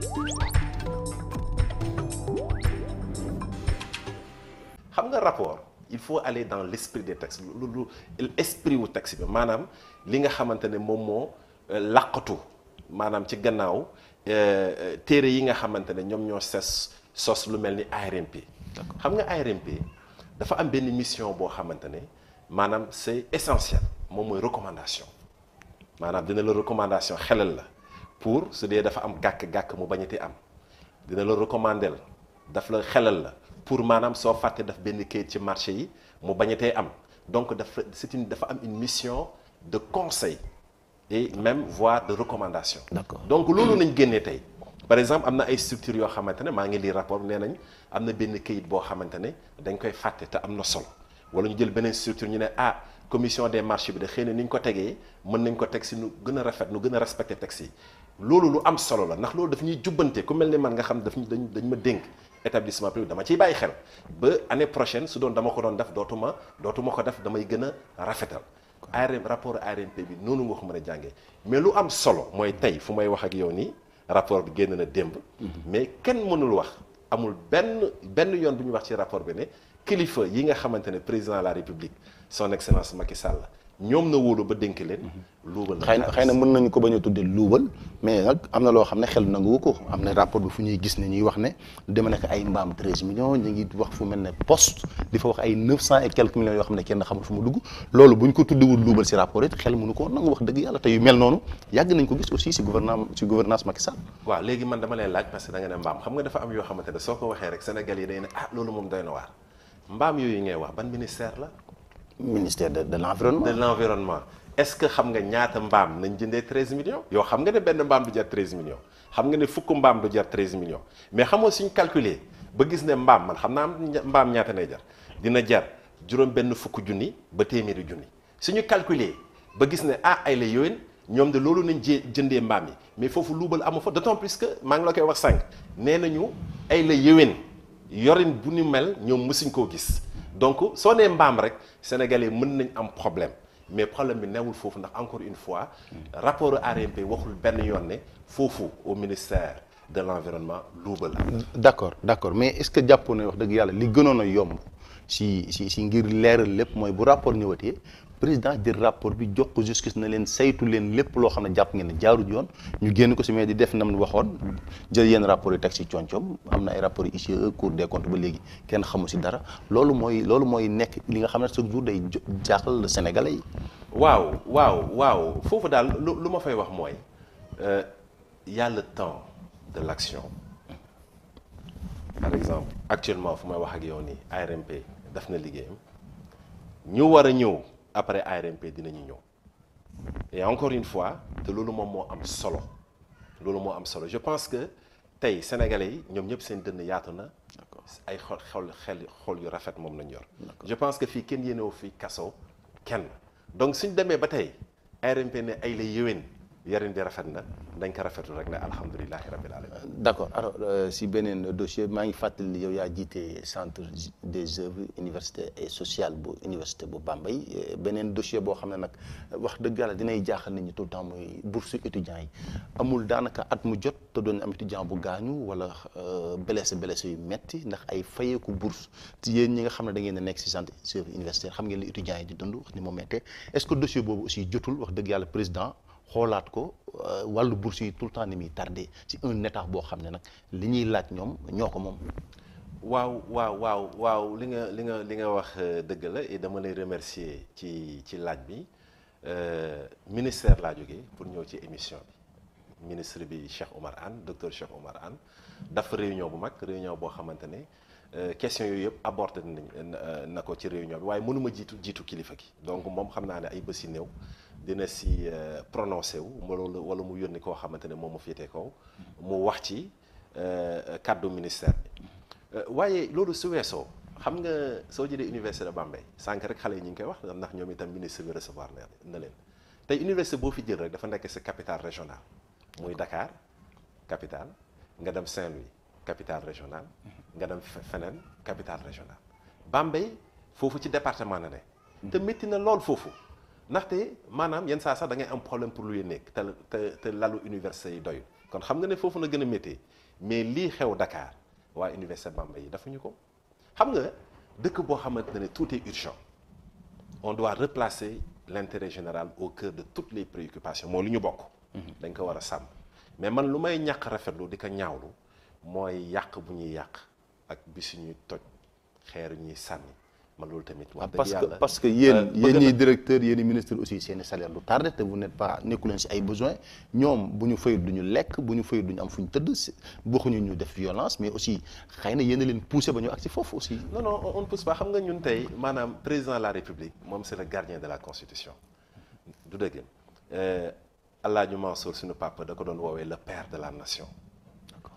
xam nga rapport il faut aller dans l' esprit des textes lu lu esprit wu texte bi maanaam li nga xamante ne moom moo euh, làqatu maanaam ci gannaaw euh, euh, téere yi nga xamante ne ñoom ñoo ses sos lu mel ni ARMP. xam nga ARMP dafa am benn mission boo xamante ne maanaam c' est essentiel moom mooy recommandation maanaam dina la recommandation xelal la. pour su dee dafa am gàkk-gàkk mu bañati am dina la recommandel daf la xelal la pour maanaam soo fàtte daf benn kayit ci marché yi mu bañatee am donc dafa c'est une dafa am une mission de conseil et même voire de recommandation d'accord donc loolu nañ génnee tey par exemple am na ay structures yoo xamante ne maa ngi lii rapport nee nañ am na benn kayit boo xamante ne dañ koy fàtte te am na sol wala ñu jël beneen structure ñu ne ah commission des marchés bi de xëy na ni ñu ko tegee mën nañ ko teg si nu gën a rafet nu gën a respecté texte yi loolu lu am solo la ndax loolu daf ñuy jubbante ku mel ni man nga xam daf ñu dañ dañ ma dénk établissement dama ciy bàyyi xel ba année prochaine su doon dama ko doon def dootuma dootuma ko def damay gën a rafetal ARM rapport ARMP bi noonu nga mën a jàngee mais lu am solo mooy fu may wax ak yow nii rapport bi génn na démb mhm. mais kenn mënul wax amul benn benn yoon bu ñu wax ci rapport bi kilifa yi nga xamante ne président la république son excellence Macky Sall ñoom na wóolu ba dénk leen. luubal na xëy na mën nañu ko bañ a tuddee luubal mais nag am na loo xam ne xel nanguwu ko am ne rapport bi fu ñuy gis ne ñuy wax ne lu dema nekk ay mbaam 13 millions ñu ngi wax fu mel ne post di fa wax ay 900 et quelques millions yoo xam ne kenn xamul fu ma dugg loolu buñ ko tuddewul luubal si rapport it xel mënu ko nangu wax dëgg yàlla te yu mel noonu yàgg nañ ko gis aussi si gouvernement si gouvernance Macky Sall waaw léegi man dama lay laaj parce que da nga ne mbaam xam nga dafa am yoo xamante ne soo ko waxee rek yi day ne ah moom doy na waar mbaam yooyu ngay wax ban ministère la ministère de de l' environnement. de l' environnement xam nga ñaata mbaam nañ jëndee 13 millions. yow xam nga ne benn mbaam du jar 13 millions xam nga ne fukk mbaam du jar 13 millions mais xam nga suñ calculer ba gis ne mbaam man xam naa mbaam ñaata nay jar dina jar juróom benn fukk junni ba téeméeri junni suñu calculer ba gis ne ah ay la yowin ñoom de loolu nañ jé jëndee mbaam yi mais foofu luubal amu fa d' autant plus que maa ngi la koy wax sànq nee nañu ay la yowin yorin bu ñu mel ñoom mësuñ koo gis. donc soo nee mbaam rek sénégalais mën nañ am problème mais problème bi newul foofu ndax encore une fois rapport ARMP waxul benn yoon ne foofu au ministère de l'environnement luuba la d'accord d'accord mais est-ce que jàppoon na wax dëgg yàlla li gënoon a yomb si si si ngir leeral lépp mooy bu rapport ñëwatee président jël rapport bi jox ko justice na leen saytu leen lépp loo xam ne jàpp ngeen ne jaarut yoon ñu génn ko si mais di def nam waxoon jël yenn rapport yu teg si coñcoom am na ay rapport yi ICE Cour des comptes ba léegi kenn xamu si dara loolu mooy loolu mooy nekk li nga xam ne chaque jour day jaaxal Sénégalais yi. waaw waaw waaw foofu daal lu ma fay wax mooy euh, y temps de l'action par exemple actuellement fu may wax ak yoon nii ARMP daf na liggéeyam ñu war a ñëw. après ARMP dinañu ñëw et encore une fois te loolu moom moo am solo loolu moo am solo je pense que tey sénégalais yi ñoom ñëpp seen dënn yaatu na ay xol xol xel xool yu rafet moom lañ yor je pense que fii kenn yéenewu fii kaso kenn donc suñ demee ba tey ARMP ne ay la yéwén yarin di rafet na dañ ko rafetu rek na alhamdulilahi rabil alamin d' accord alors euh, si beneen dossier maa ngi fàttali yow yaa jiite centre des œuvres université et sociale bu université bu Bambey euh, beneen dossier boo xam ne nag wax dëgg yàlla dinay jaaxal nañu ñi tout temps mooy bourse étudiants yi amul daanaka at mu jot te doon am étudiant bu gaañu wala euh, blessé blessé yu metti ndax ay fayeeku bourse te yéen ñi nga xam ne da ngeen ne nekk si centre des œuvres universitaire xam ngeen boobu aussi jotul wax dëgg président xoolaat ko euh, wàllu bourse yi tout le temps ni muy tardé ci un état boo xam ne nag li ñuy laaj ñoom ñoo ko moom. waaw waaw waaw li nga li nga li nga wax euh, dëgg la et dama lay remercier ci ci laaj bi euh, ministère laa jóge pour ñëw ci émission bi. ministre bi Cheikh Oumar Anne docteur Cheikh Oumar Anne dafa réunion bu mag réunion boo xamante ne question yooyu yëpp aborte nañ na ko ci réunion bi waaye mënuma jiitu jiitu kilifa gi donc moom xam naa ne ay bés yu néew dina si euh, prononcé wu wala mu yónni koo xamante ne moom mu féete kaw mu wax ci euh, kàddu ministère bi euh, waaye loolu su weesoo xam nga soo jëlee université de Bambey sànq rek xale yi ñu ngi koy wax ndax ñoom itam ministre bi recevoir na leen tey université boo fi jël rek dafa nekk si capitale régional muy Dakar capital nga dem Saint-Louis capitale régionale mhm. nga dem feneen capitale régionale Bambey foofu ci département na ne mhm. te métti na lool foofu ndaxte maanaam yenn saa sax da ngay am problème pour luy nekk te te te lalu université yi doyul kon xam nga ne foofu na gën a méttee mais lii xew Dakar waa université Bamba yi dafa ñu ko xam nga dëkk boo xamante ne tout est urgent on doit replacer l'intérêt général au cœur de toutes les préoccupations moo lu ñu bokk mhm. dañ ko war a sàmm mais man lu may ñàkk rafetlu di ko ñaawlu mooy yàq bu ñuy yàq ak bi suñuy toj xeer ñuy sànni ma tamit wax ah, dëgg yàlla parce que yéen euh, yéen ñiy directeur yéen i ministre aussi seen i salaire du tardé te vous si ay besoin ñoom bu ñu fayul du ñu lekk bu ñu fayul du ñu am fu ñu tëdd bokkuñu ñu def violence mais aussi xëy na yéen leen poussé ba ñu ak si foofu aussi non non on ne pousse pas xam nga ñun tey maanaam président de la république moom c'est le gardien de la constitution du dëgg euh, Alaaji Mansour suñu papa da ko doon woowee le père de la nation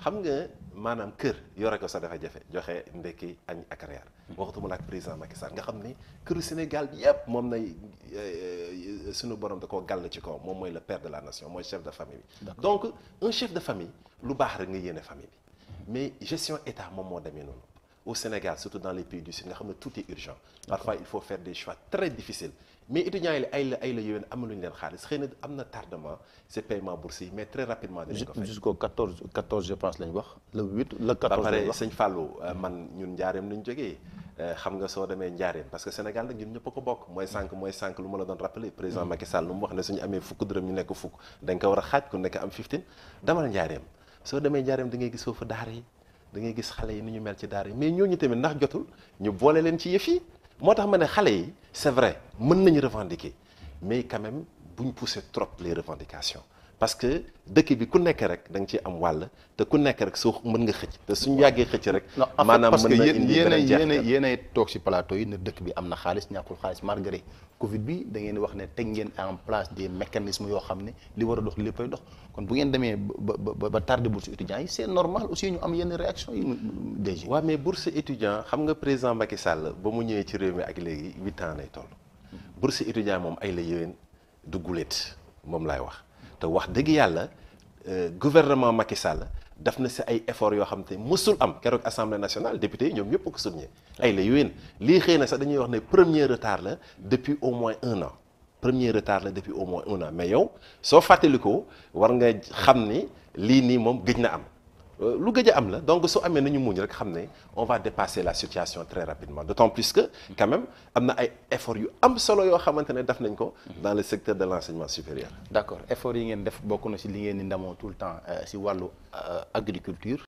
xam nga maanaam kër yore ko sax dafa jafe joxe ndekki añ ak reer waxtuma la ak président Macky Sall nga xam ne këru Sénégal bi yëpp moom na euh, euh, suñu borom da koo gàll ci kaw moom mooy le père de la nation mooy chef de famille bi donc un chef de famille lu baax rek nga yéene famille bi mais gestion état moom moo demee noonu au Sénégal surtout dans les pays du Sud nga xam ne tout est urgent parfois il faut faire des choix très difficiles mais étudiants yi ay la ay la yowén amaluñu leen xaalis xëy na am na tardement ces paiements bourses yi mais très rapidement dañu ko fay jusqu'au 14 14 je pense lañ wax le 8 le 14 ba pare euh, euh, xam nga soo demee njaareem parce que Sénégal nag ñun ñëpp ko bokk mooy sànq mooy sànq lu ma la doon rappelé président Macky Sall ñu nekk fukk da nga ko war a xaaj ku nekk am 15 njaareem soo demee njaareem da ngay gis foofu daara yi da ngay gis xale yi ni ñu mel ci daara mais ñooñu tamit ndax jotul ñu boole leen ci yi moo tax ma ne xale yi c'est vrai mën nañu revendiquer mais quand même bu ñu pousser trop les revendications parce que dëkk bi ku nekk rek da nga ciy am wàll te ku nekk rek su mën nga xëcc te suñu yàggee xëcc rek maanaam mën na indi beneen jeexital yéenay toog si plateau yi ne dëkk bi am na xaalis ñàkkul xaalis malgré covid bi da ngeen wax ne teg ngeen en place des yoo xam ne li war a dox léppay dox kon bu ngeen demee ba ba tardé bourse étudiant yi c'est normal aussi ñu am yenn réaction yi DG waaw mais bourse étudiant xam nga président Macky Sall ba mu ñëwee ci réew mi ak léegi huit ans lay toll mm-hmm. bourse étudiant moom ay la yéwén du guléet moom lay wax te wax dëgg yàlla euh, gouvernement Macky Sall daf na si ay efforts yoo xam te mësul am keroog assemblée nationale député yi ñoom ñëpp ko souligné ay la yowén lii xëy na sax dañuy wax ne premier retard la depuis au moins un an premier retard la depuis au moins un an mais yow soo fàttalikoo war nga xam ni lii nii moom gëj na am lu gëj a am la donc su amee nañu muñ rek xam ne on va dépasser la situation très rapidement d'autant plus que quand même am na ay efforts yu am solo yoo xamante ne def nañ ko dans le secteur de l'enseignement supérieur d'accord efforts yi ngeen def bokk na ci li ngeen di ndamoo tout le temps euh, ci wàllu euh, agriculture